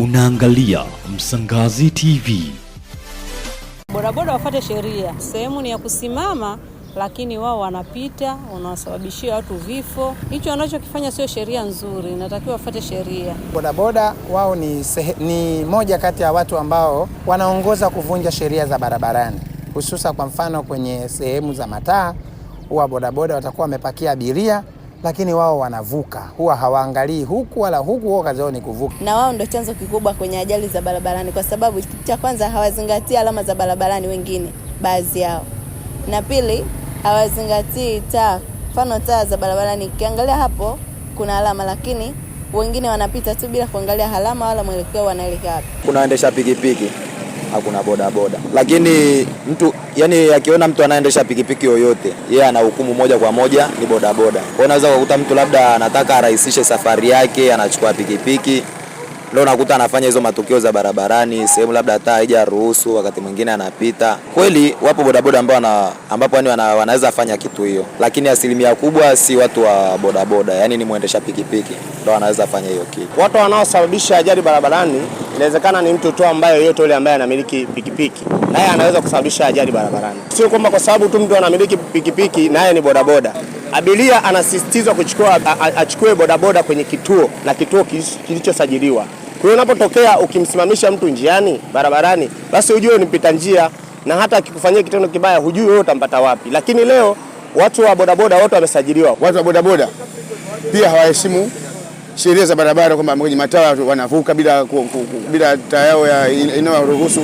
Unaangalia Msangazi TV. Bodaboda wafate sheria, sehemu ni ya kusimama, lakini wao wanapita, wanawasababishia watu vifo. Hicho wanachokifanya sio sheria nzuri, inatakiwa wafate sheria. Bodaboda wao ni, ni moja kati ya watu ambao wanaongoza kuvunja sheria za barabarani, hususa kwa mfano kwenye sehemu za mataa, huwa bodaboda watakuwa wamepakia abiria lakini wao wanavuka, huwa hawaangalii huku wala huku, wao kazi yao ni kuvuka, na wao ndio chanzo kikubwa kwenye ajali za barabarani, kwa sababu cha kwanza hawazingatii alama za barabarani, wengine baadhi yao, na pili hawazingatii taa, mfano taa za barabarani. Ukiangalia hapo kuna alama, lakini wengine wanapita tu bila kuangalia alama wala mwelekeo wanaelekea wapi. Kuna waendesha pikipiki hakuna bodaboda, lakini mtu yani akiona mtu anaendesha pikipiki yoyote yeye yeah, hukumu moja kwa moja ni bodaboda. Kwa unaweza kukuta mtu labda anataka arahisishe safari yake, anachukua pikipiki ndio nakuta anafanya hizo matukio za barabarani, sehemu labda hata haijaruhusu, wakati mwingine anapita. Kweli wapo bodaboda ambao wana, ambapo yani wana, wanaweza fanya kitu hiyo, lakini asilimia kubwa si watu wa bodaboda, yani ni mwendesha pikipiki ndio anaweza fanya hiyo kitu. Watu wanaosababisha ajali barabarani inawezekana ni mtu tu ambaye yoyote yule ambaye anamiliki pikipiki naye anaweza kusababisha ajali barabarani. Sio kwamba kwa sababu tu mtu anamiliki pikipiki naye ni bodaboda. Abiria anasisitizwa kuchukua achukue bodaboda kwenye kituo na kituo kilichosajiliwa. Kwa hiyo unapotokea ukimsimamisha mtu njiani barabarani, basi hujue ni mpita njia, na hata akikufanyia kitendo kibaya hujui wewe utampata wapi. Lakini leo watu wa bodaboda wote wamesajiliwa. Watu wa bodaboda pia hawaheshimu sheria za barabara kwamba kwenye mataa wanavuka bila bila taa yao inayoruhusu.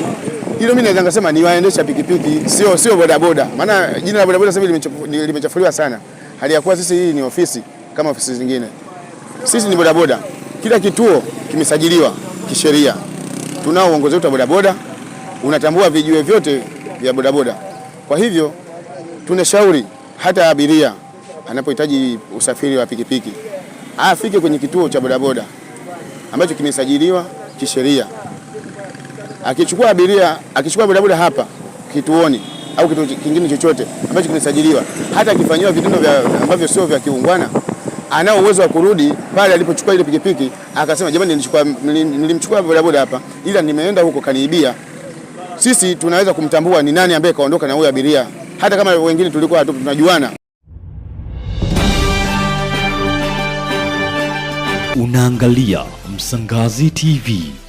Hilo mimi naweza ngasema ni waendesha pikipiki, sio sio bodaboda, maana jina la bodaboda sasa hivi limechafuliwa sana, hali ya kuwa sisi hii ni ofisi kama ofisi zingine. Sisi ni bodaboda, kila kituo kimesajiliwa kisheria, tunao uongozi wetu wa bodaboda, unatambua vijiwe vyote vya bodaboda. Kwa hivyo tunashauri hata abiria anapohitaji usafiri wa pikipiki afike ah, kwenye kituo cha bodaboda ambacho kimesajiliwa kisheria. Akichukua abiria, akichukua bodaboda hapa kituoni au kitu kingine chochote ambacho kimesajiliwa, hata akifanyiwa vitendo vya ambavyo sio vya kiungwana, anao uwezo wa kurudi pale alipochukua ile pikipiki, akasema jamani, nilichukua nilimchukua bodaboda hapa, ila nimeenda huko kaniibia. Sisi tunaweza kumtambua ni nani ambaye kaondoka na huyo abiria, hata kama wengine tulikuwa tunajuana Unaangalia Msangazi TV.